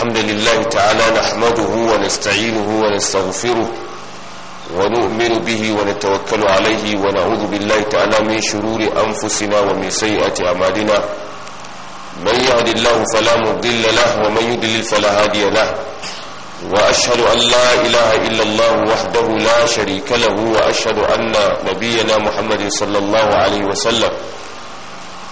الحمد لله تعالى نحمده ونستعينه ونستغفره ونؤمن به ونتوكل عليه ونعوذ بالله تعالى من شرور أنفسنا ومن سيئة أعمالنا من يهد الله فلا مضل له ومن يضلل فلا هادي له وأشهد أن لا إله إلا الله وحده لا شريك له وأشهد أن نبينا محمد صلى الله عليه وسلم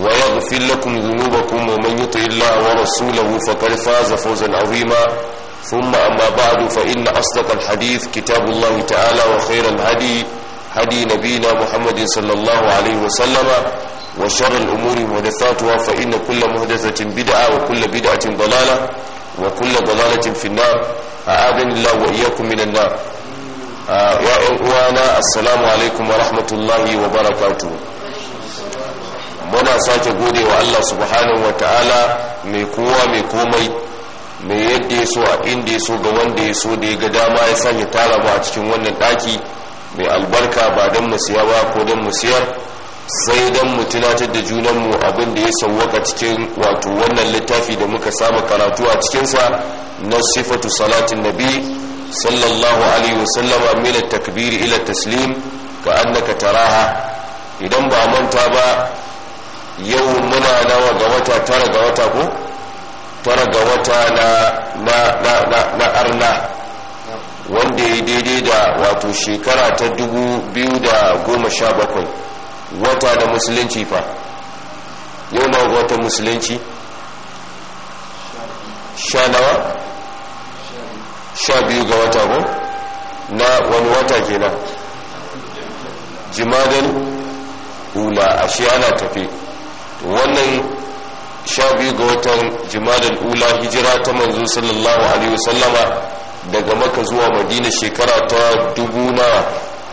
ويغفر لكم ذنوبكم ومن يطع الله ورسوله فقد فاز فوزا عظيما ثم أما بعد فإن أصدق الحديث كتاب الله تعالى وخير الهدي هدي نبينا محمد صلى الله عليه وسلم وشر الأمور محدثاتها فإن كل محدثة بدعة وكل بدعة ضلالة وكل ضلالة في النار أعاذني الله وإياكم من النار يا إخوانا السلام عليكم ورحمة الله وبركاته muna sake gode wa Allah subhanahu wa ta'ala mai kowa mai komai mai yadda ya so a inda ya so ga wanda ya so da ya ga dama ya sake tara mu a cikin wannan daki mai albarka ba don mu siya ba ko don mu siyar sai don mu tunatar da junanmu abin da ya sauwaka cikin wato wannan littafi da muka saba karatu a cikinsa na sifatu salatin nabi sallallahu alaihi wasallama mila takbiri ila taslim ka annaka taraha idan ba manta ba yau muna nawa ga wata tara ga wata ko tara ga wata na na na arna wanda ya daidai da wato shekara ta dubu biyu da goma sha bakwai wata da musulunci fa yau na wata musulunci sha nawa sha biyu ga wata ko na wani wata kenan jimadin hula ashe ana tafi wannan sha biyu ga watan jimadar ula hijira ta manzo sallallahu alaihi wasallama daga maka zuwa madina shekara ta dubu na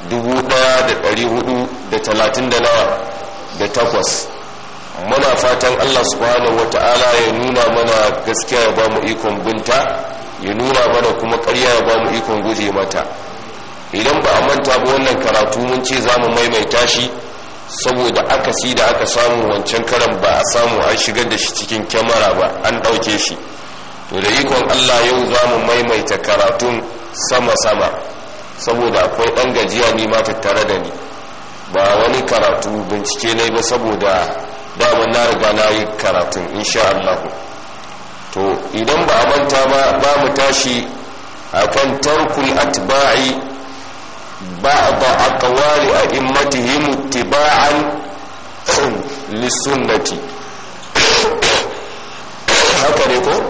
dubu daya da dari hudu da talatin da nawa da takwas muna fatan allah subhanahu wa ta'ala ya nuna mana gaskiya ya ba mu ikon binta ya nuna mana kuma karya ya ba mu ikon guje mata idan ba a manta ba wannan karatu mun ce za mu maimaita shi saboda akasi da aka samu wancan karan ba a samu an shigar da shi cikin kyamara ba an ɗauke shi to da ikon allah yau za mu maimaita karatun sama-sama saboda akwai ɗan gajiya ne ma tattare da ni ba wani karatu bincike na ba saboda damar na riga na yi karatun insha allahu to idan ba a manta ba ba mu tashi akan tarkul atba'i بعض أقوال أئمتهم اتباعا للسنة هكذا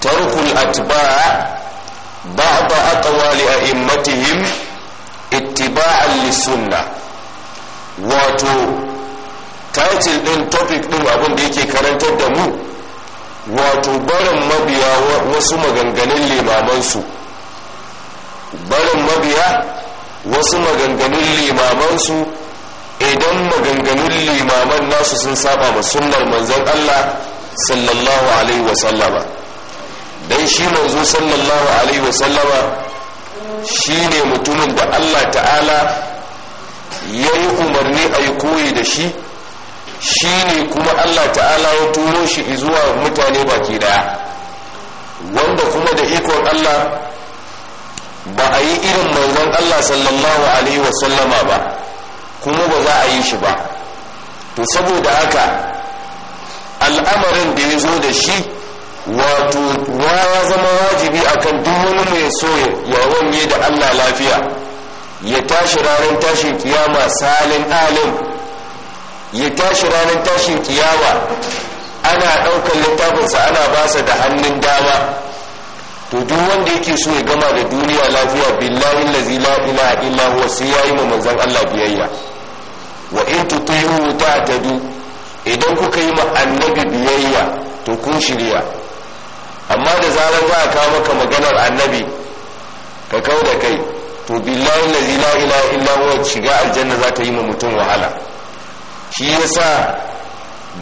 ترك الأتباع بعض أقوال أئمتهم اتباعا للسنة واتو title ɗin topic ɗin abin da yake karantar da mu wato barin mabiya wasu maganganun limamansu su barin mabiya wasu maganganun limamansu idan maganganun limaman nasu sun saba ma sunnar manzon Allah sallallahu alaihi wa sallama dan shi manzo sallallahu alaihi wa sallama shine mutumin da Allah ta'ala ya yi umarni a yi koyi da shi shine kuma Allah ta'ala ya turo shi zuwa mutane baki daya wanda kuma da ikon Allah ba a yi irin manzon Allah sallallahu alaihi sallama ba kuma ba za a yi shi ba to saboda haka al'amarin da ya zo da shi wato ya zama wajibi akan duk wani mai so ya wanye da Allah lafiya ya tashi ranar tashin kiyama salin alim ya tashi ranar tashin kiyama ana ɗaukar littafinsa ana basa da hannun dama to duk wanda yake so ya gama da duniya lafiya billahi allazi la ilaha illa huwa sai yayi ma manzon Allah biyayya wa in tutayu ta'tadu idan kuka yi ma annabi biyayya to kun shirya amma da zarar za a kawo maka maganar annabi ka kawo da kai to billahi allazi la ilaha illa huwa shiga aljanna za ta yi ma mutum wahala shi yasa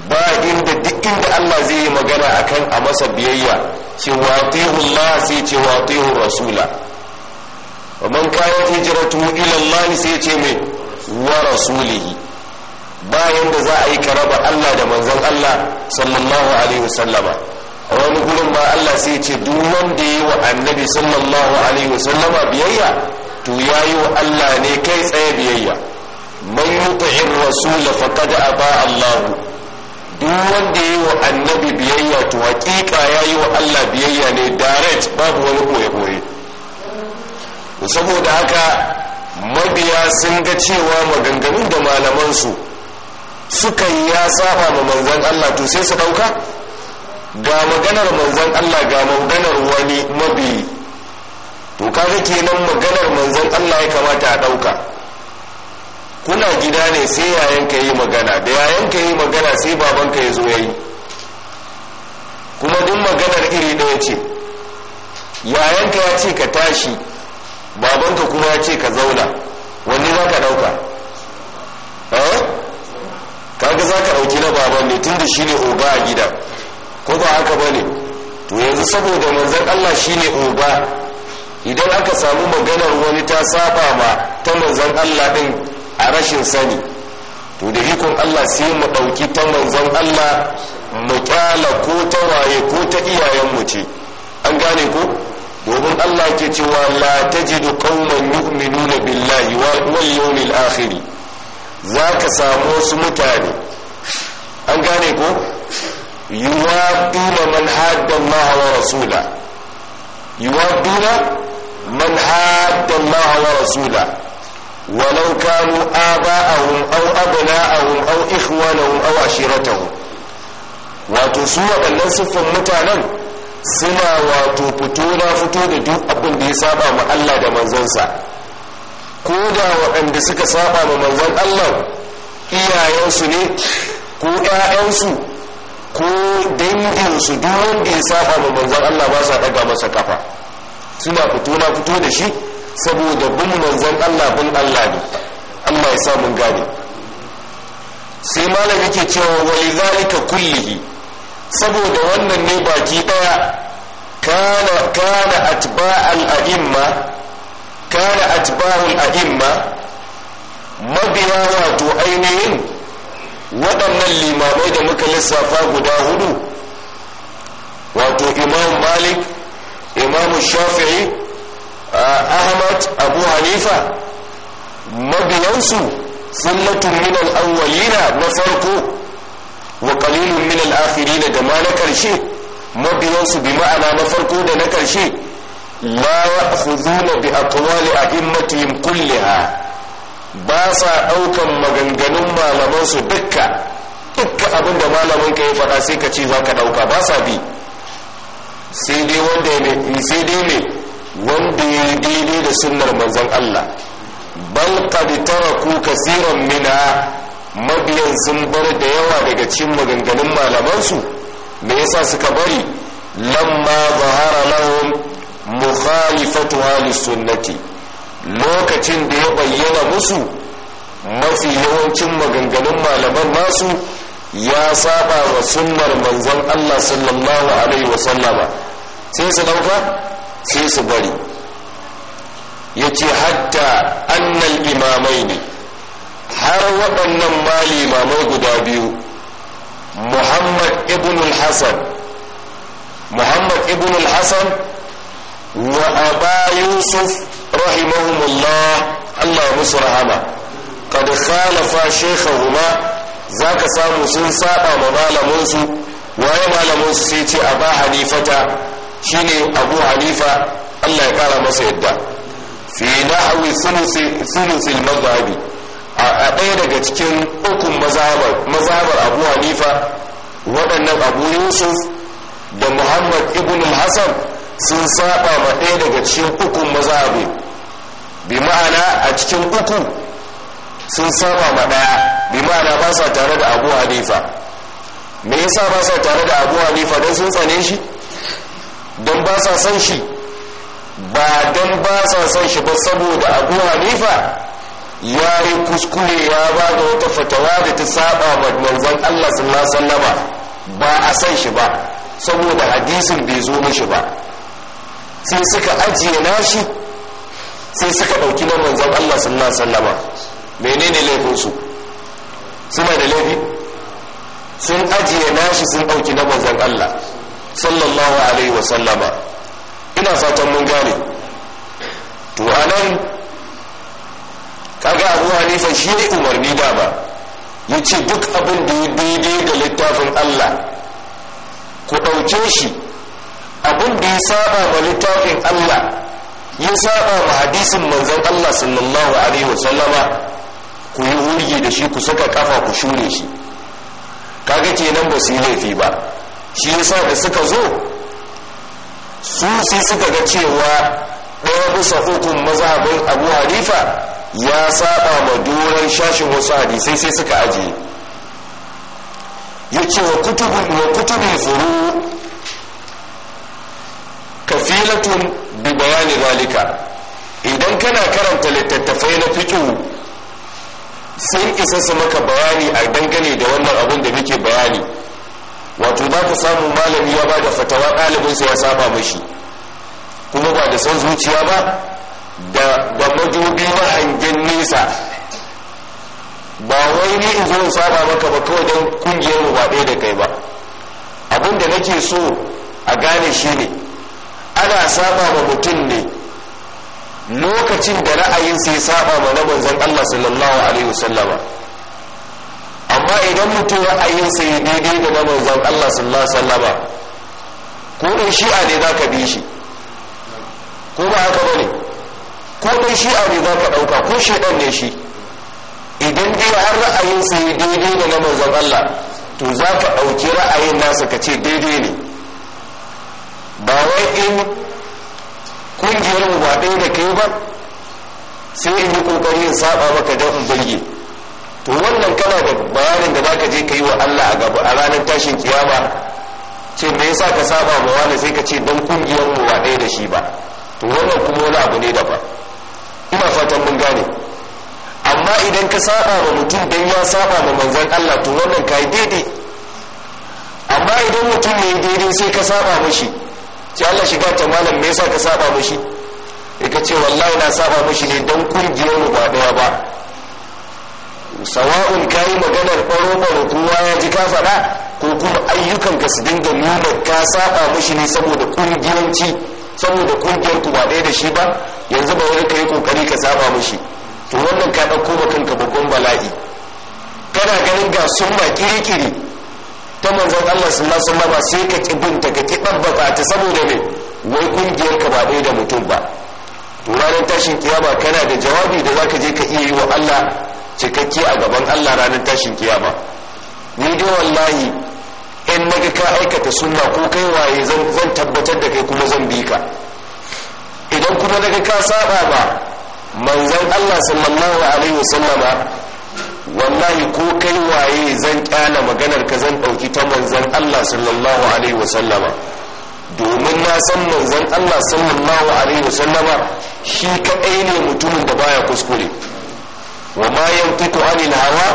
ba inda duk inda Allah zai yi magana akan a masa biyayya ce wa Allah sai ce wa rasula wa man kayan hijiratu ila Allah sai ce mai wa rasulihi bayan da za a yi raba Allah da manzon Allah sallallahu alaihi wasallama a wani gurin ba Allah sai ce duk wanda yi wa annabi sallallahu alaihi wasallama biyayya to yayi wa Allah ne kai tsaye biyayya man yuti'ir rasul faqad duk wanda ya yi wa annabi biyayya to hakika ya yi wa allah biyayya ne direct babu wani koye-koye saboda haka mabiya sun ga cewa maganganun da malamansu suka yi ya saba ma manzan allah to sai su ɗauka ga maganar manzan allah ga maganar wani mabiyi to kaga kenan maganar manzan allah ya kamata a ɗauka kuna gida ne sai yayanka yi magana da yayanka yi magana sai babanka ya zo ya kuma duk maganar iri ɗaya ce yayanka ya ce ka tashi ka kuma ya ce ka zauna wani za ka ɗauka eh? kaga za ka ɗauki na baban ne tunda shi ne oga a gida ko ba haka ba ne to yanzu saboda manzan allah shi ne oga idan aka samu maganar wani ta saba ma ta manzan allah din. a rashin sani to da hikon Allah sai mu ɗauki ta manzon Allah mu kyala ko ta waye ko ta iyayenmu ce an gane ko domin Allah ke cewa la tajidu qauman yu'minuna billahi wal yawmil akhir ka samu wasu mutane an gane ko yuwadduna man hadda Allah wa rasula man hadda Allah wa rasula ولو كانوا آباءهم أو أبناءهم أو إخوانهم أو عشيرتهم wato su waɗannan siffin mutanen suna wato fito na fito da duk abin da ya saba ma Allah da manzansa ko da waɗanda suka saɓa ma manzan Allah iyayensu ne ko ‘ya'yansu ko danginsu duk wanda ya saɓa ma manzan Allah ba sa ɗaga masa kafa suna fito na fito da shi saboda bin manzon Allah bin Allah ne Allah ya sa gane sai malam yake cewa wali zalika kullihi saboda wannan ne baki daya kana kana atba'al a'imma kana atba'ul a'imma mabiya wato ainihin waɗannan limamai da muka lissafa guda hudu wato imam malik imam shafi'i ahmad abu hanifa mabiyansu sunnatun min al-awwalina na farko wa qalilun min al-akhirin da ma na karshe mabiyansu bi ma'ana na farko da na karshe la ya'khuduna bi aqwali a'immatihim kulliha ba sa daukan maganganun malaman su dukka dukka abinda malamin ka ya faɗa sai ka ce za ka dauka ba sa bi sai dai wanda sai dai ne wanda ya yi daidai da sunnar manzon Allah bal qad taraku kaseeran mina mabiyan sun bar da yawa daga cikin maganganun malamansu me yasa suka bari lamma zahara lahum mukhalifatuha lisunnati lokacin da ya bayyana musu mafi yawancin maganganun malaman nasu ya saba wa sunnar manzon Allah sallallahu alaihi wasallama sai su dauka sai su bari ya ce hatta annan imamai ne har waɗannan mali limamai guda biyu muhammad ibn hassan muhammad ibn hassan wa aba yusuf rahimahumullah allah musu rahama kada khalafa shekhahuma za ka samu sun saba ma malamansu waye malamansu sai ce aba hanifata shine abu hanifa allah ya kara masa yadda fi nahwi al madhhabi a ɗaya daga cikin ukun mazhabar abu hanifa waɗannan abu yusuf da muhammad ibn al-hasan sun saba ma ɗaya daga cikin ukun mazhabi bi ma'ana a cikin uku sun saba ma ɗaya bi ma'ana ba sa tare da abu hanifa me yasa ba sa tare da abu hanifa don sun tsane shi don ba sa son shi ba don ba sa son shi ba saboda abu hanifa ya yi kuskure ya ba da wata fatawa da ta saba ma manzon allah sallallahu sallama ba a son shi ba saboda hadisin bai zo mishi ba sai suka ajiye nashi sai suka dauki na manzon allah sallallahu sallama menene laifinsu suna da laifi sun ajiye nashi sun dauki na manzon allah sallallahu alaihi wa sallama ina fatan mun gane to anan kaga abu hanifa shi ne umarni dama ya ce duk abin da ya daidai da littafin allah ku ɗauke shi abin da ya saba ma littafin allah ya saba ma hadisin manzon allah sallallahu alaihi wa sallama ku yi wurgi da shi ku saka kafa ku shure shi kaga kenan ba su yi laifi ba shi yasa da suka zo su sai suka ga cewa ɗaya bisa hukun mazhabin abu hanifa ya saba ma doron shashin wasu hadisai sai suka aje ya ce wa kutubin wa kutubin furu kafilatun bi bayani zalika idan kana karanta littattafai na fiƙi sun isa su maka bayani a dangane da wannan abin da muke bayani wato ba ku samu malami ya ba da fatawa ɗalibinsa ya saba mashi kuma ba da son zuciya ba da madubi na hangen nesa ba wai ni in zo in saba maka ba kawai don kungiyar mu ba ɗaya da kai ba abin da nake so a gane shi ne ana saba ma mutum ne lokacin da ra'ayinsa ya saba ma na manzon Allah sallallahu alaihi wasallama amma idan mutum ra'ayin sai daidai da na manzon Allah sallallahu alaihi wasallama ko dan shi'a ne zaka bi shi ko ba haka bane ko shi shi'a ne zaka dauka ko shedan ne shi idan dai har ra'ayin sai daidai da na manzon Allah to zaka dauki ra'ayin nasa ka ce daidai ne ba wai in kungiyar mu ba ɗaya da kai ba sai in yi kokarin saba maka don in bayyana to wannan kana da bayanin da zaka je ka yi wa Allah a gaba a ranar tashin kiyama ce me yasa ka saba ma wani sai ka ce dan kungiyar mu ba ɗaya da shi ba to wannan kuma wani abu ne daban ina fatan mun gane amma idan ka saba ma mutum dan ya saba ma manzon Allah to wannan kai daidai amma idan mutum ne daidai sai ka saba mishi ce Allah shiga ta malam me yasa ka saba mishi ka ce wallahi na saba mishi ne dan kungiyar mu ba ɗaya ba sawa'un kayi maganar ɓaro kowa ya ji ka faɗa ko kuma ayyukan ka su dinga nuna ka saba mishi ne saboda kungiyanci saboda kungiyar ku ba ɗaya da shi ba yanzu ba wani kai kokari ka saba mishi to wannan ka ɗauko ma kanka babban bala'i kana ganin ga ba kirikiri ta manzon Allah sallallahu alaihi wasallam sai ka ki binta ka ki ɗabbaka ta saboda me wai kungiyar ka ba ɗaya da mutum ba to ranar tashin kiyama kana da jawabi da zaka je ka iya yi wa Allah cikakke a gaban Allah ranar tashin kiyama ni dai wallahi in naga ka aikata sunna ko kai waye zan tabbatar da kai kuma zan bi ka idan kuma naga ka saba ba manzon Allah sallallahu alaihi wasallam wallahi ko kai waye zan kyala maganar ka zan dauki ta manzon Allah sallallahu alaihi wasallam domin na san manzon Allah sallallahu alaihi wasallam shi kadai ne mutumin da baya kuskure wa ma yantiqu anil hawa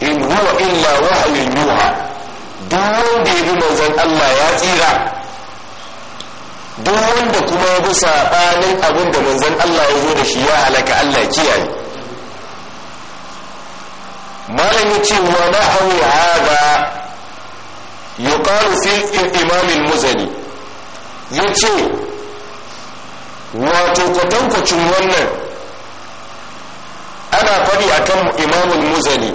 in huwa illa wahyun yuha duk wanda ya bi manzon Allah ya tsira duk wanda kuma ya bi sabanin abin da manzon Allah ya zo da shi ya halaka Allah kiyaye malam yace wa na'u hada yuqalu fil imam imamin muzani yace wato kwatankwacin wannan ana faɗi kan imamul muzani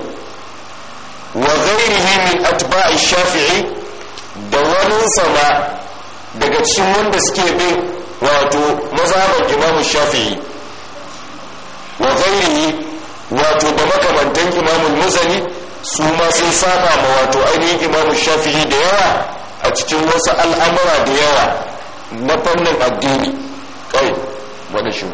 wa ghairihi min atba'i shafi'i da wani sama daga cikin wanda suke bi wato mazhabar imamun shafi'i wa yi wato da makamantan imamul muzani su ma sun saba ma wato ainihin imamun shafi'i da yawa a cikin wasu al'amura da yawa na fannin addini kai wani shi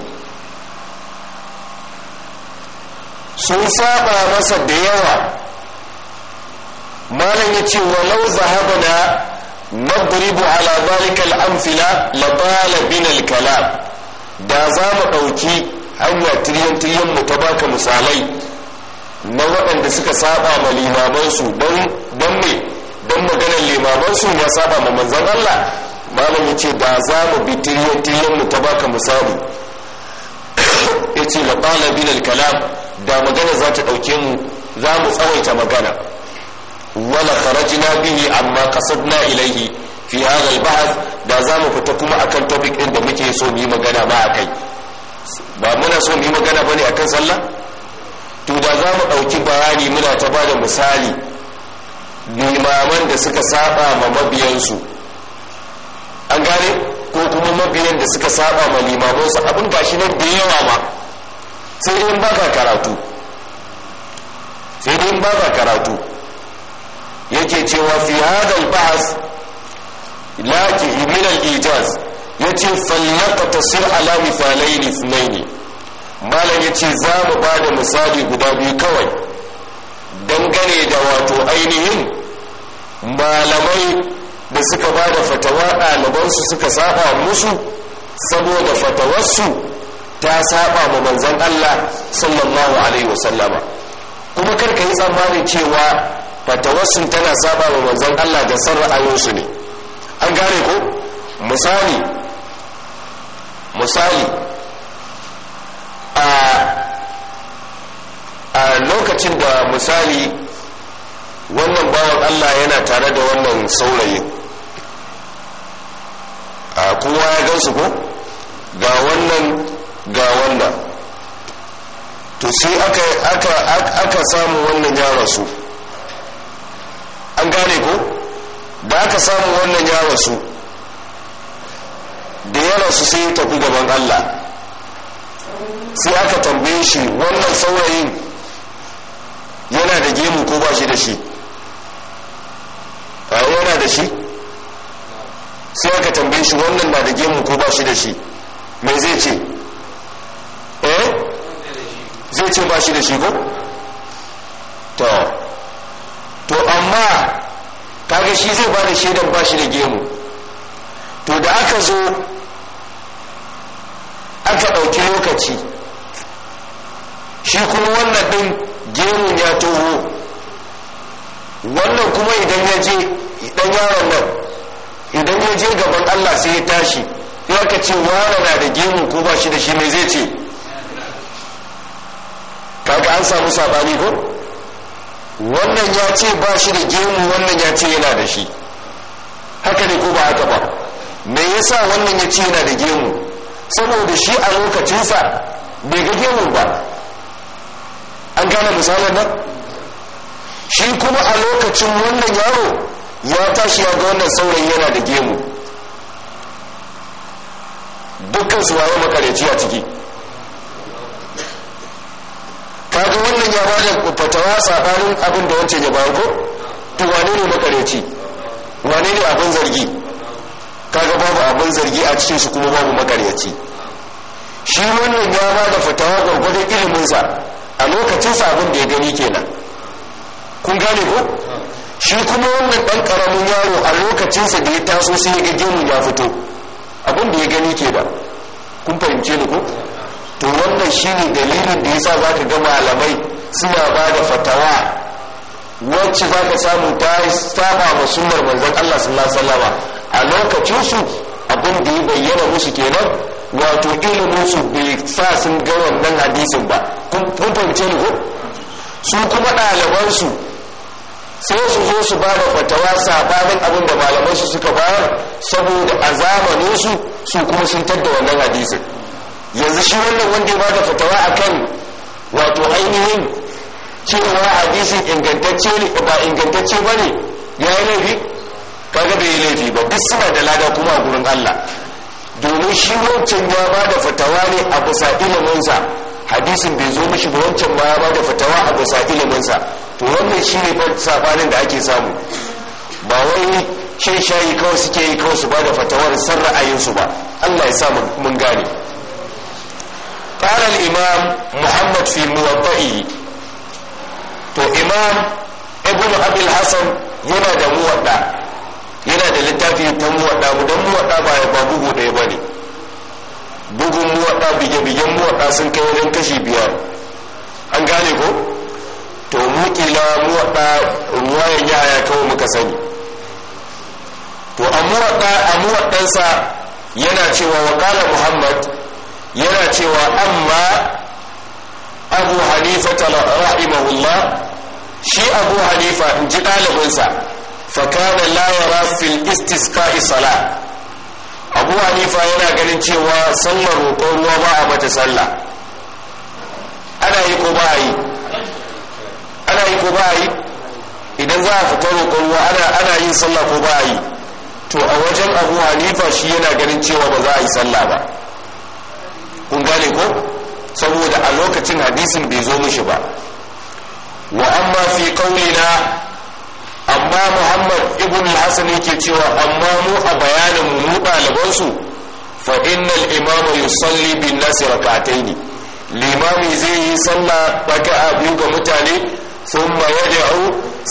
sun saba masa da yawa malam ya ce walau zahabana nadribu ala zalika al-amthila la bala bin al-kalam da za mu ɗauki hanya tiriyan tiriyan mu ta baka misalai na waɗanda suka saba ma limamansu don me don maganar limamansu ya saba ma manzan Allah malam ya ce da za mu bi tiriyan tiriyan mu ta baka misali ya ce la bala bin al-kalam da magana za ta ɗauke mu za mu tsawaita magana wala kharajna bihi amma qasadna ilaihi fi hadha al da za mu fita kuma akan topic din da muke so mu yi magana ba akai ba muna so mu yi magana bane akan sallah to da za mu ɗauki bayani muna ta bada misali limaman da suka saba ma mabiyansu an gane ko kuma mabiyan da suka saba ma limamansu abin gashi nan da yawa ma sai dai ba ka karatu sai dai ba ka karatu yake cewa fi hadal ba'as laki min al-ijaz yace tasir ala mithalayn ne malam yace za mu ba da misali guda biyu kawai dangane da wato ainihin malamai da suka ba da fatawa ɗalibansu suka saba musu saboda fatawarsu ta saba ma manzon Allah sallallahu alaihi wasallama kuma kar ka yi tsammanin cewa fatawassul tana saba ma manzon Allah da san ra'ayinsu ne an gane ko misali misali a lokacin da misali wannan bawan Allah yana tare da wannan saurayin a kowa ya gansu ko ga wannan ga wannan to sai aka aka aka samu wannan ya rasu an gane ko da aka samu wannan ya rasu da ya rasu sai ya tafi gaban Allah sai aka tambaye shi wannan saurayin yana da gemu ko ba shi da shi a yana da shi sai aka tambaye shi wannan na da gemu ko ba shi da shi mai zai ce zai ce ba shi da shi ko to to amma kaga shi zai ba da shi da ba shi da gemu to da aka zo aka ɗauki lokaci shi kuma wannan ɗin gemun ya toho wannan kuma idan ya je idan yaron nan idan ya je gaban allah sai ya tashi ya ka ce na da gemu ko ba shi da shi mai zai ce kaga an samu sabani ko wannan ya ce ba shi da gemu wannan ya ce yana da shi haka ne ko ba haka ba me yasa wannan ya ce yana da gemu saboda shi a lokacinsa bai ga gemu ba an gane misalin nan shi kuma a lokacin wannan yaro ya tashi ya ga wannan saurayi yana da gemu dukkan su waye makareci a ciki ga wannan ya bada fatawa sabanin abin da wancan ya bayar ko to wane ne makareci wane ne abin zargi kaga babu abin zargi a cikin su kuma babu makareci shi wannan ya bada fatawa gwargwadon iliminsa a lokacinsa abin da ya gani kenan kun gane ko shi kuma wannan dan karamin yaro a lokacinsa da ya taso sai ya ga gemun ya fito abin da ya gani ke ba kun fahimce ni ko to wannan shine dalilin da yasa zaka ga malamai suna ba da fatawa wacce ka samu ta saba ma sunnar manzon Allah sallallahu alaihi wasallam a lokacinsu su abin da ya bayyana musu kenan wato ilimin su bai sa sun ga wannan hadisin ba kun fahimce ni ko su kuma ɗaliban sai su zo su ba da fatawa sabanin abin da malamai su suka bayar saboda a zamanin su su kuma sun tadda wannan hadisin yanzu shi wannan wanda ya bada fatawa fatawa akan wato ainihin cewa hadisin ingantacce ne ba ingantacce ba ne ya yi laifi kaga bai yi laifi ba duk suna da lada kuma a gurin Allah domin shi wancan ya bada fatawa ne a bisa iliminsa hadisin bai zo mishi ba wancan ma ya bada fatawa a bisa iliminsa to wannan shi ne sabanin da ake samu ba wai shan shayi kawai suke yi kawai su bada fatawar san ra'ayinsu ba Allah ya sa mun gane قال الإمام محمد في موضعه تو إمام ابن أبي الحسن ينادى موضع ينادى للتافي تموضع مدن موضع ما يبابوه ديباني bugun muwaɗa bige-bigen muwaɗa sun kai wajen kashi biyar an gane ko to mukila muwaɗa ruwayan yaya kawai muka sani to a muwaɗa a muwaɗansa yana cewa wa muhammad yana cewa amma abu hanifa rahimahullah shi abu hanifa in ji ɗalibinsa fakana la yara fil istisqa'i sala abu hanifa yana ganin cewa sallar roƙon ruwa ba a mata sallah ana yi ko ba a yi ana yi ko ba a yi idan za a fita roƙon ruwa ana ana yin sallah ko ba a yi to a wajen abu hanifa shi yana ganin cewa ba za a yi sallah ba kun gane ko saboda a lokacin hadisin bai zo mishi ba wa amma fi qaulina amma muhammad ibn al-hasan yake cewa amma mu a bayanin mu ɗaliban su fa innal imama yusalli bin nasi rak'ataini limami zai yi sallah raka'a biyu ga mutane thumma yad'u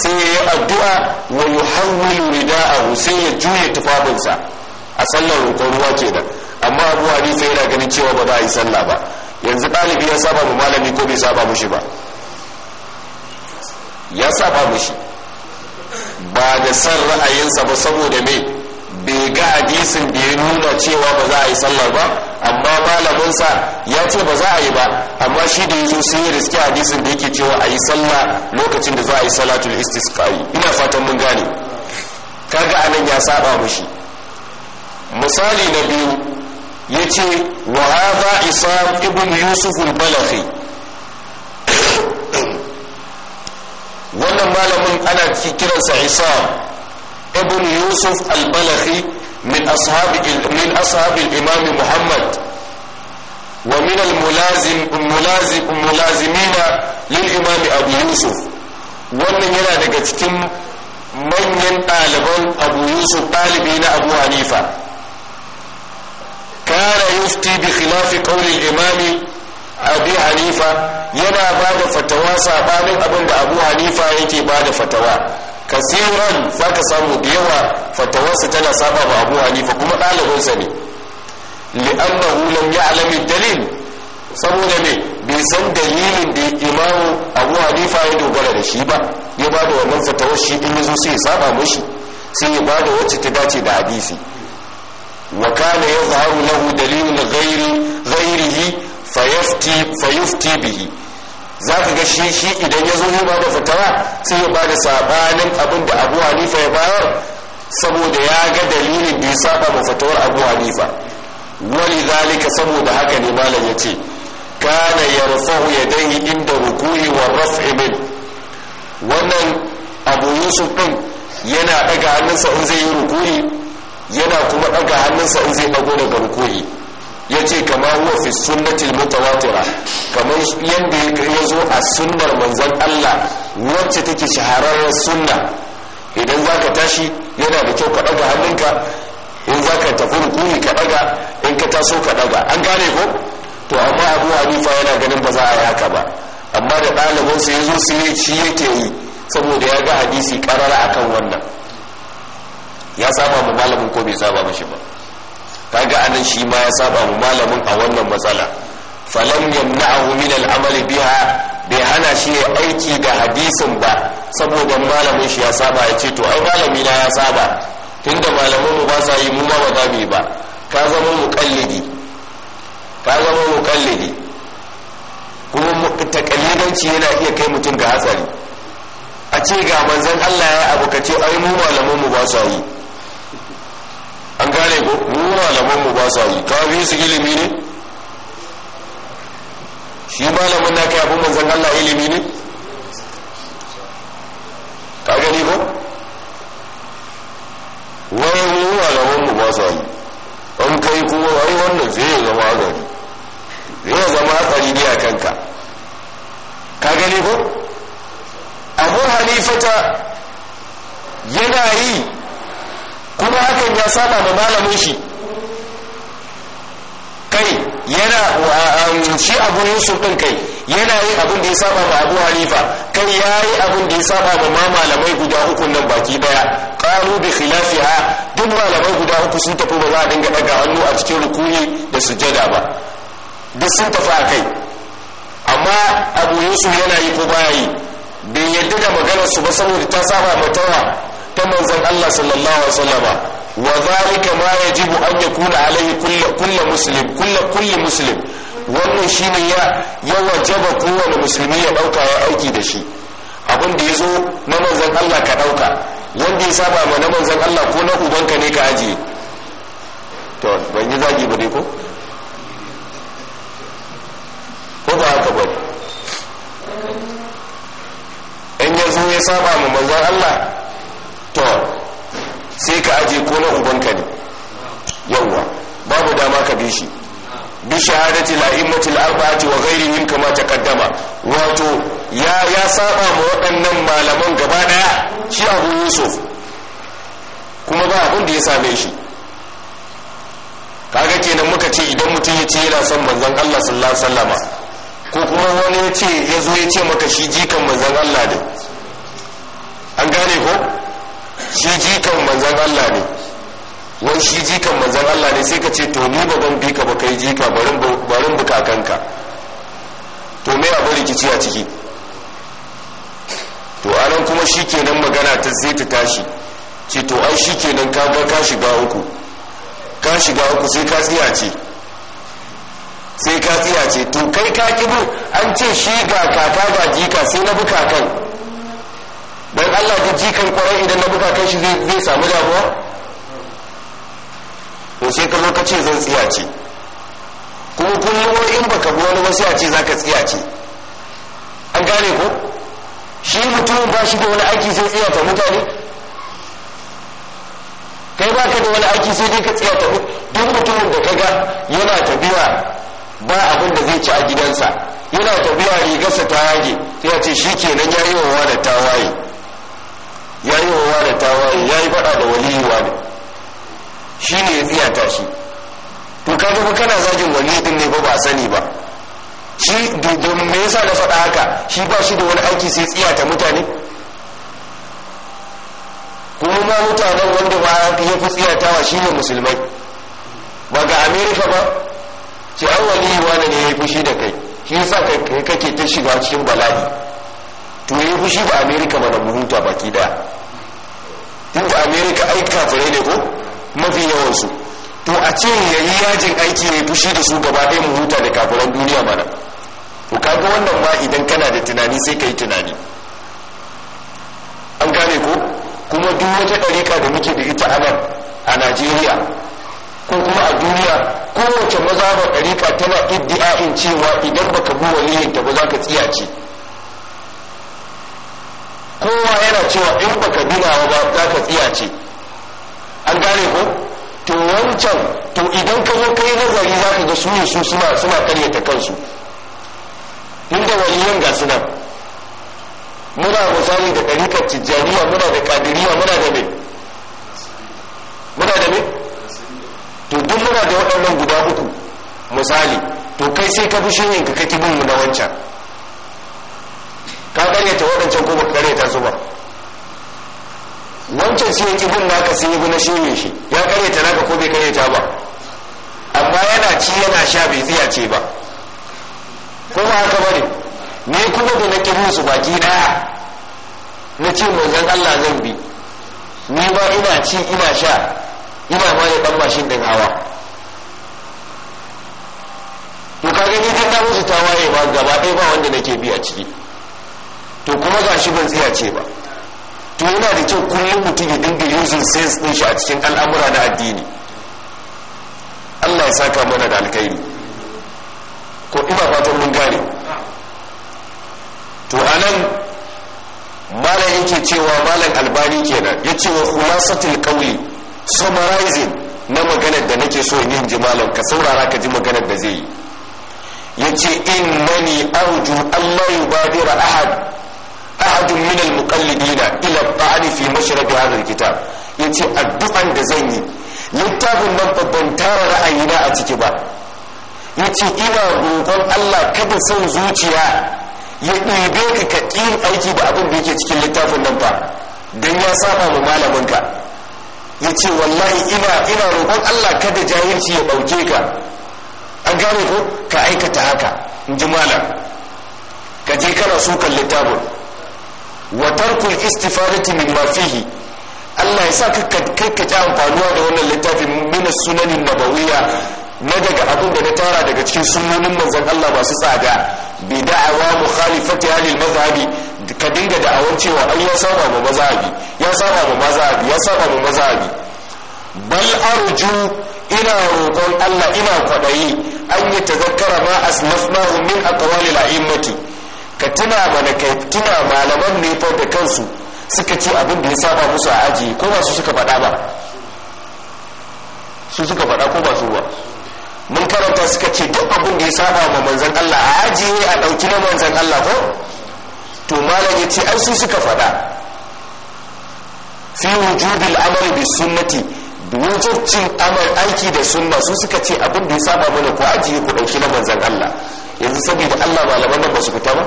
sai ya yi addu'a wa yuhawwilu rida'ahu sai ya juye tufafinsa a sallar roƙon ruwa kenan amma abu hanifa yana ganin cewa ba za a yi sallah ba yanzu ɗalibi ya saba mu malami ko bai saba mushi ba ya saba mushi ba da san ra'ayinsa ba saboda me bai ga hadisin da ya nuna cewa ba za a yi sallah ba amma malaminsa ya ce ba za a yi ba amma shi da yazo sai ya riske hadisin da yake cewa a yi sallah lokacin da za a yi salatul istisqai ina fatan mun gane kaga anan ya saba mushi misali na biyu yace wa hadha isam ibn yusuf al wannan malamin ana kiransa isam ibn yusuf al min ashab min ashab al-imam muhammad mulazim الملازم الملازم الملازمين للإمام أبو wannan yana daga cikin manyan ɗaliban abu yusuf ɗalibi na abu hanifa kana yufti bi khilafi qawli imami abi hanifa yana ba da fatawa sabanin abin da hanifa yake ba da fatawa kasiran za ka samu da yawa fatawarsa tana saba ba abu hanifa kuma ɗalibinsa ne li'annahu lam ya'lamu dalil saboda me bai san dalilin da imamu abu hanifa ya dogara da shi ba ya ba wannan fatawar shi in yazo sai ya saba mushi sai ya bada da ta dace da hadisi وكان يظهر له دليل غير غيره فيفتي فيفتي به zaka ga shi shi idan ya zo ya da fatawa sai ya ba sabanin abin da Abu Hanifa ya bayar saboda ya ga dalilin da ya saba ma fatawar Abu Hanifa wani zalika saboda haka ne malam ya ce kana ya yadayhi inda ruku'i wa raf'i min wannan Abu Yusuf din yana daga hannunsa in zai yi ruku'i yana kuma ɗaga hannunsa in zai ɗago daga rukuhi ya ce kamar huwa fi sunnatil mutawatira kamar yadda ya zo a sunnar manzon Allah wacce take shahararren sunna idan za ka tashi yana da kyau ka ɗaga hannunka in za ka tafi rukuni ka ɗaga in ka taso ka ɗaga an gane ko to amma abu hanifa yana ganin ba za a yi haka ba amma da ɗalibansa ya zo su yi shi yake yi saboda ya ga hadisi ƙarara akan wannan ya saba mu malamin ko bai saba mashi ba kaga anan shi ma ya saba mu malamin a wannan matsala falam yamna'ahu min al-amal biha bai hana shi ya aiki da hadisin ba saboda malamin shi ya saba ya ce to ai malami na ya saba tunda malamin mu ba sa yi mu ma ba za mu yi ba ka zama kallidi ka zama kallidi kuma takalidanci yana iya kai mutum ga hatsari a ce ga manzon Allah ya abu ka ce ai mu malamin mu ba sa yi an gane ko mu malaman mu ba sa yi ka bi su ilimi ne shi malamin na kai abin manzan Allah ilimi ne ka gani ko wai nuna malaman mu ba sa yi an kai kuma ai wannan zai zama gari zai zama hatsari ne a kanka ka gani ko abu hanifata yana yi kuma hakan ya saba da malamin shi kai yana um, shi abu yusuf din kai yana yin abin da ya saba da abu halifa kai ya yi abin da ya saba da ma malamai guda uku nan baki daya qalu bi khilafiha duk malamai guda uku sun tafi ba za a dinga daga hannu a cikin rukuni da sujada ba duk sun tafi a kai amma abu yusuf yana yi ko baya yi bai yadda da maganar su ba saboda ta saba ma tawa ta manzon Allah sallallahu alaihi wasallam wa zalika ma yajibu an yakuna alaihi kullu kullu muslim kullu kullu muslim wannan shine ya ya wajaba kowane musulmi ya dauka ya aiki da shi abin da yazo na manzan Allah ka dauka wanda ya saba ma na manzan Allah ko na ubanka ne ka ajiye to ban yi zagi ba dai ko ko ba haka ba in ya zo ya saba ma manzan Allah to sai ka aje ko na ubanka ne yawwa babu dama ka bi shi bi shahadati la'immatil arba'ati wa ghairihim kama taqaddama wato ya ya saba ma waɗannan malaman gaba daya shi Abu Yusuf kuma ba abin da ya same shi kaga kenan muka ce idan mutum ya ce yana son manzon Allah sallallahu alaihi wasallama ko kuma wani ya ce ya zo ya ce maka shi jikan manzon Allah din an gane ko shi jikan manzan Allah ne wai shi jikan manzan Allah ne sai ka ce to ni ba ban bi ka ba kai jika barin bukakanka to me abu rikici a ciki to anan kuma shi kenan magana ta sai ta tashi ce to ai shi kenan ka ga ka shiga uku ka shiga uku sai ka tsiya ce sai ka tsiya ce to kai ka kibu an ce shi ga kaka ga jika sai na bukakan don allah ji jikan kwarai idan na buka kai shi zai samu damuwa to sai ka zo ka ce zan tsiya ce kuma kullum in baka bi wani wasu ce za ka tsiya ce an gane ko shi mutum ba shi da wani aiki sai tsiya ta mutane kai ba ka da wani aiki sai dai ka tsiya ta duk mutumin da ka ga yana tafiya ba abin da zai ci a gidansa yana tafiya rigarsa ta yage sai ya ce shi kenan ya yi wa da waye ya yi wa wane tawaye ya yi fada da waliyi wani shi ne ya fiya shi to ka zama kana zagin wani din ne ba ba sani ba shi domin me yasa da faɗa haka shi ba shi da wani aiki sai tsiya ta mutane kuma ma mutanen wanda ba ya fi tsiya tawa shi ne musulmai ba ga amerika ba ce an yi wane ne ya yi fushi da kai shi yasa kake ta shiga cikin bala'i to yi fushi da amerika ba da muhuta baki daya inda amerika aika fure ne ko mafi yawansu to a ce ya yi yajin aiki ya fushi da su gaba ɗaya huta da kafiran duniya mana ku kaga wannan ma idan kana da tunani sai ka yi tunani an gane ko kuma duk wata ɗarika da muke da ita anan a najeriya ko kuma a duniya kowace mazabar ɗarika tana iddia'in cewa idan baka bi waliyinta ba za ka tsiyace kowa yana cewa in baka dinawa ba za ka tsiya ce an gane ko to wancan to idan ka zo kai nazari za ka ga su ne su suna suna karyata kansu inda waliyan ga suna nan muna misali da ɗarikar tijjaniya muna da kadiriya muna da me muna da me to duk muna da waɗannan guda uku misali to kai sai ka bi shirin ka kake bin mu na wancan ka karyata waɗancan ko karyata su ba wancan sai yake bin naka sai yi na shirye shi ya karyata naka ko bai karyata ba amma yana ci yana sha bai tsiya ce ba ko ba haka bane ne kuma da nake bin su baki daya na ce manzan Allah zan bi ni ba ina ci ina sha ina ma da mashin din hawa to ka gani din da musu tawaye ba gaba ɗaya ba wanda nake bi a ciki to kuma ga shi ban tsaya ce ba to yana da kyau kullum mutum ya dinga using sense din shi a cikin al'amura na addini Allah ya saka mana da alkhairi ko ina fatan mun gane to anan malam yake cewa malam albani kenan ya ce wa khulasatul qawli summarizing na maganar da nake so yin ji malam ka saurara ka ji maganar da zai yi ya ce yace mani arju Allah yubadira ahad ahad min al-muqallidina ila al-ta'an fi mashrab rikita al-kitab yace addu'an da zan yi littafin nan babban tara ra'ayina a ciki ba yace ina roƙon Allah kada son zuciya ya ɗebe ka ka ƙin aiki da abin da yake cikin littafin nan ba dan ya saba mu malamin ka yace wallahi ina ina roƙon Allah kada jahilci ya ɗauke ka an gane ko ka aikata haka in ji malam ka je kana sukan littafin wa tarkul istifadati mimma fihi Allah ya sa kai ka ci amfanuwa da wannan littafin mina sunanin na daga abin da na tara daga cikin sunanin manzon Allah masu tsada bi da'awa mukhalifati halil mazhabi ka dinga da'awar cewa ai ya saba ma mazhabi ya saba ma mazhabi ya saba ma mazhabi bal arju ina roƙon Allah ina kwaɗayi an yi tazakkara ma asnafnahu min aqwalil a'immati ka tuna mana ka tuna malaman ne fa da kansu suka ce abin da ya saba musu a aji ko ba su suka faɗa ba su suka faɗa ko ba su ba mun karanta suka ce duk abin da ya saba ma manzan Allah a aji a ɗauki na manzan Allah ko to malam ya ce ai su suka faɗa fi wujubil amali bi sunnati wajibcin amal aiki da sunna su suka ce abin da ya saba mana ku ajiye ku ɗauki na manzan Allah yanzu saboda Allah malaman nan ba su fita ba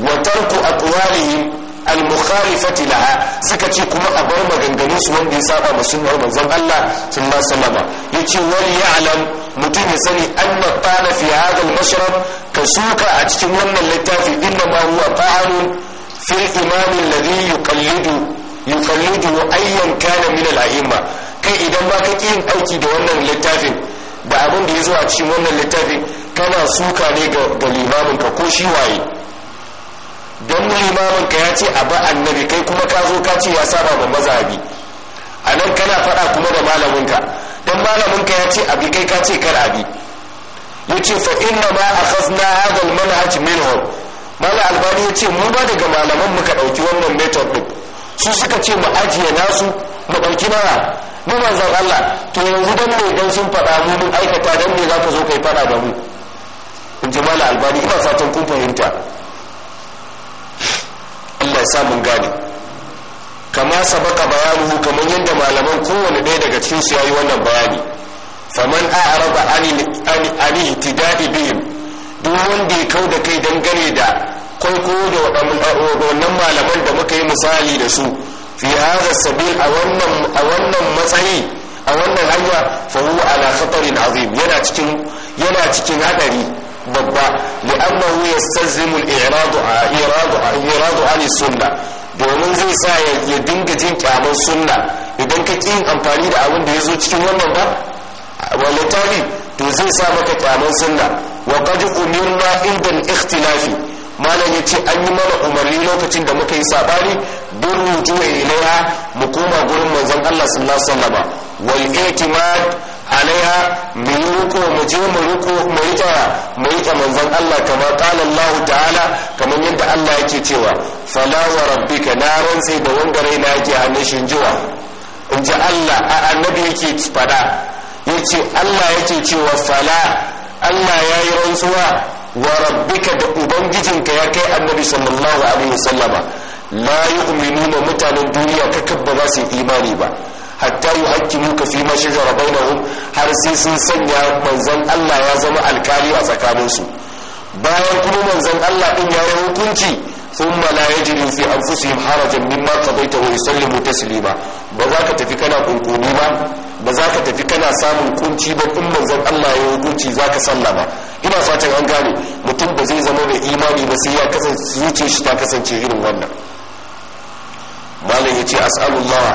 wa tarku aqwalihim al-mukhalifati laha suka ce kuma a bar maganganun su wanda ya saba ma sunnar manzon Allah sallallahu sallama yace wal ya'lam mutum ya sani anna tana fi hadha al-mashrab ka suka a cikin wannan littafi inna ma huwa ta'anun fil imam alladhi yuqallidu yuqallidu ayyan kana min al-a'imma kai idan ba ka yin aiki da wannan littafin ba abin da ya zo a cikin wannan littafin kana suka ne ga limaminka ko shi waye don mu imamin ka ya ce a ba annabi kai kuma ka zo ka ce ya saba ba mazhabi a nan kana faɗa kuma da malaminka don malaminka ya ce abi kai ka ce kar abi yace fa inna ma akhazna hadha al-manhaj minhum mala albani yace mu ba daga malaman mu ka dauki wannan method din su suka ce mu ajiye nasu mu dauki mara mu manzo Allah to yanzu dan me dan sun faɗa mu mun aikata dan me zaka zo kai faɗa da mu in ji mala albani ina fatan kun fahimta ya samun gane kama sabaka bayanuhu kamar yadda malaman kowane ɗaya daga cikin su yayi wannan bayani faman araba an ihtidai bihim duk wanda ya kau da kai dangane da kwaikwayo da wannan malaman da muka yi misali da su fi hadha sabil a wannan a wannan matsayi a wannan hanya fa huwa ala khatarin azim yana cikin yana cikin hadari babba li'annahu yastazimu al-i'radu i'radu i'radu an sunna domin zai sa ya dinga jin kyaman sunna idan ka ƙi amfani da abin da ya zo cikin wannan ba wani tari to zai sa maka kyaman sunna wa qad umirna indan ikhtilafi malam yace an yi mana umarni lokacin da muka yi sabani bin rujuwa ilaiha mu koma gurin manzon Allah sallallahu alaihi wasallam wal i'timad alaiha ya muyi ruko mu je mu ruko mu riƙa mu riƙa manzon Allah kama qala ta'ala kamar yadda Allah yake cewa fala wa rabbika na rantsi da wanda raina yake hannun shin jiwa in ji Allah a annabi yake fada yace Allah yake cewa fala Allah ya yi rantsuwa wa rabbika da ubangijinka ya kai annabi sallallahu alaihi wasallama la yu'minuna mutanen duniya kakabba ba su imani ba hatta yuhaqqimuka fi ma jarabai na har sai sun sanya manzon Allah ya zama alkali a tsakaninsu bayan kuma manzon Allah din ya yi hukunci thumma la yajidu fi ma harajan ta wani wa ta taslima ba za ka tafi kana kunkuni ba ba za ka tafi kana samun kunci ba in manzon Allah ya hukunci za ka sallama ina fatan an gane mutum ba zai zama mai imani ba sai ya kasance zuciyar shi ta kasance irin wannan malam ya ce as'alullah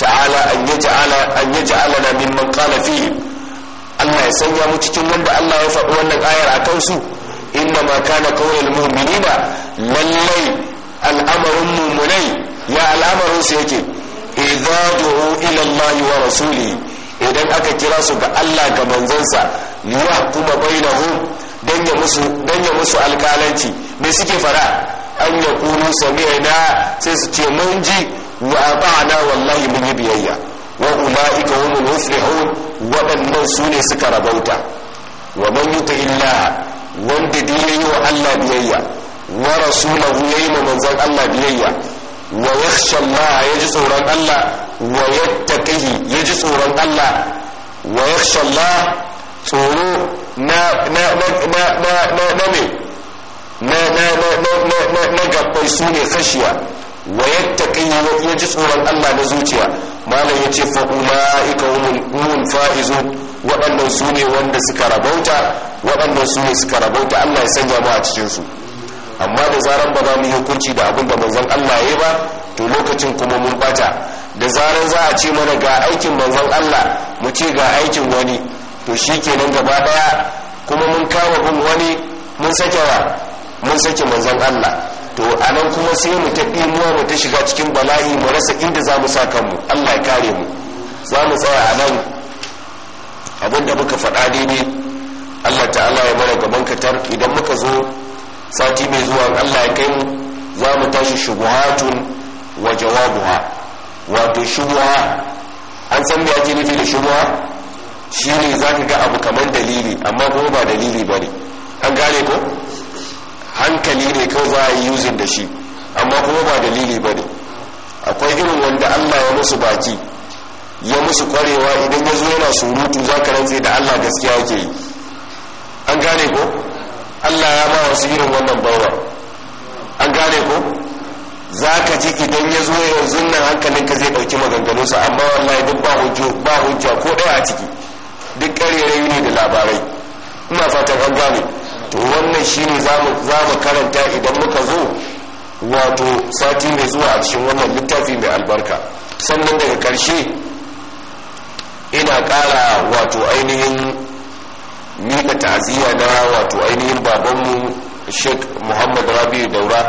ta'ala an yaj'ala na mimman qala fihi Allah ya sanya mu cikin wanda Allah ya faɗi wannan ayar a kansu inna ma kana qawlul mu'minina lallai al'amarun mu'minai ya al'amarin su yake idza du'u ila Allah wa rasulihi idan aka kira su ga Allah ga manzansa liyahkuma bainahum dan ya musu dan ya musu alƙalanci me suke fara an yakunu sami'na sai su ce mun ji wa na wallahi mun yi biyayya wa ulaika humul muflihun waɗannan su ne suka rabauta wa man yuti illaha wanda da yayi wa Allah biyayya wa rasulahu yayi ma manzon Allah biyayya wa yakhsha Allah yaji tsoron Allah wa yattaqihi yaji tsoron Allah wa yakhsha tsoro na na na na na na na na na na na na na na wa yattaqi ya ji tsoron Allah da zuciya malam yace fa ulaika humul fa'izu waɗannan su ne wanda suka rabauta waɗannan su ne suka rabauta Allah ya sanya mu a cikin su amma da zaran ba za mu yi hukunci da abin da manzon Allah ya yi ba to lokacin kuma mun bata da zaran za a ce mana ga aikin manzon Allah mu ce ga aikin wani to shikenan gaba daya kuma mun kawo bin wani mun sake wa mun sake manzon Allah to anan kuma sai mu ta ɗimuwa mu ta shiga cikin bala'i mu rasa inda za mu sa kanmu allah ya kare mu za mu tsaya a nan da muka faɗa ne allah ta'ala ya mara gaban katar idan muka zo sati mai zuwa allah ya kai mu za mu tashi shubuhatun wa jawabuha wato shubuha an san me ake nufi da shubuha shi shine zaka ga abu kamar dalili amma kuma ba dalili bane an gane ko hankali ne kawai za a yi yuzin da shi amma kuma ba dalili ba ne akwai irin wanda allah ya musu baki ya musu kwarewa idan ya zo yana surutu za ka rantse da allah gaskiya yake yi an gane ko allah ya ba wasu irin wannan bawa an gane ko za ka ji idan ya zo yanzu nan ka zai ɗauki maganganunsa amma wallahi duk ba hujja ko ɗaya a ciki duk ƙarerayi ne da labarai ina fatan an gane to wannan shine za mu karanta idan muka zo wato sati mai zuwa a cikin wannan littafi mai albarka sannan daga karshe ina kara wato ainihin mika ta'aziyya na wato ainihin babanmu sheikh muhammad rabi'u daura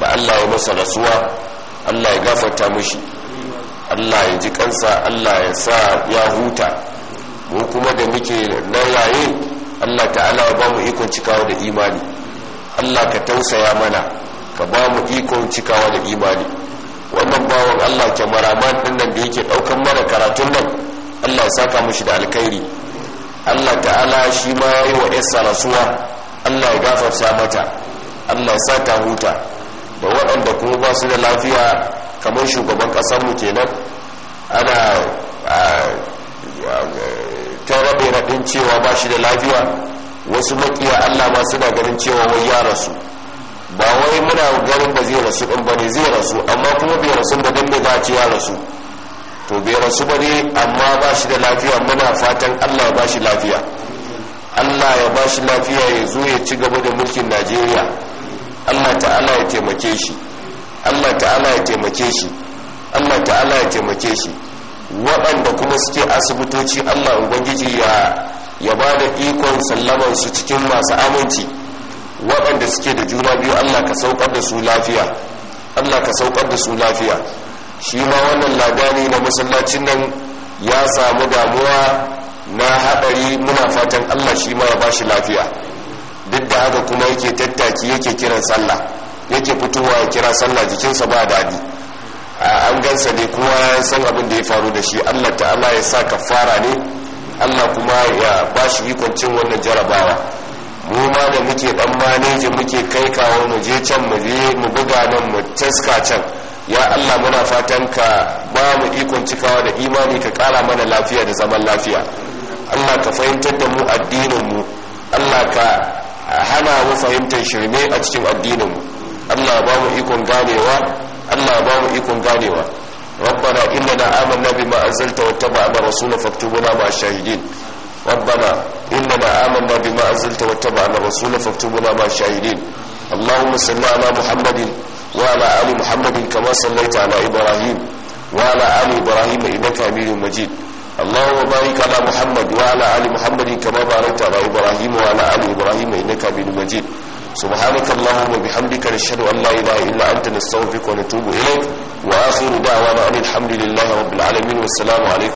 da allah ya masa rasuwa allah ya gafarta mushi allah ya ji kansa allah ya sa ya huta mu kuma da muke na yaye Allah ta'ala bamu ba mu ikon cikawa da imani Allah ka tausaya mana ka ba mu ikon cikawa da imani wannan bawan Allah kyamaraman din nan da yake daukan mana karatun nan Allah ya saka mushi da alkhairi Allah ta'ala shi ma yi wa yarsa rasuwa Allah ya gafarta mata Allah sa ta huta da waɗanda kuma ba su da lafiya kamar shugaban ƙasarmu kenan ana ta rabe rabin cewa ba shi da lafiya wasu makiya allah ma suna ganin cewa wai ya rasu ba wai muna ganin ba zai rasu ɗin ba ne zai rasu amma kuma bai rasu ba dan da za a ce ya rasu to bai rasu ba ne amma ba shi da lafiya muna fatan allah ya ba shi lafiya allah ya ba shi lafiya ya zo ya ci gaba da mulkin najeriya allah ta'ala ya taimake shi allah ta'ala ya taimake shi allah ta'ala ya taimake shi waɗanda kuma suke asibitoci allah ubangiji ya ya ba da ikon sallaman su cikin masu aminci waɗanda suke da juna biyu allah ka saukar da su lafiya allah ka saukar da su lafiya shi ma wannan labari na masallacin nan ya samu damuwa na haɗari muna fatan allah shi ma ya ba shi lafiya duk da haka kuma yake tattaki yake kiran sallah yake fitowa ya kira sallah jikinsa ba daɗi an gansa ne kuma ya san abin da ya faru da shi allah ta'ala ya sa ka fara ne allah kuma ya ba shi ikon cin wannan jarabawa mu ma da muke dan maneji muke kai kawo mu je can mu je mu buga nan mu taska can ya allah muna fatan ka ba mu ikon cikawa da imani ka kara mana lafiya da zaman lafiya allah ka fahimtar da mu addinin mu allah ka hana mu fahimtar shirme a cikin addinin mu allah ba mu ikon ganewa Allah ba mu ikon ganewa rabbana innana amanna bima anzalta wattaba'na rasula faktubna ma shahidin ربنا إننا آمنا بما أنزلت واتبعنا الرسول فاكتبنا مع الشاهدين اللهم صل على محمد وعلى آل محمد كما صليت على إبراهيم وعلى آل إبراهيم إنك حميد مجيد اللهم بارك على محمد وعلى آل محمد كما باركت على إبراهيم وعلى آل إبراهيم إنك حميد مجيد سبحانك اللهم وبحمدك نشهد أن لا إله إلا أنت نستغفرك ونتوب إليك وآخر دعوانا أن الحمد لله رب العالمين والسلام عليكم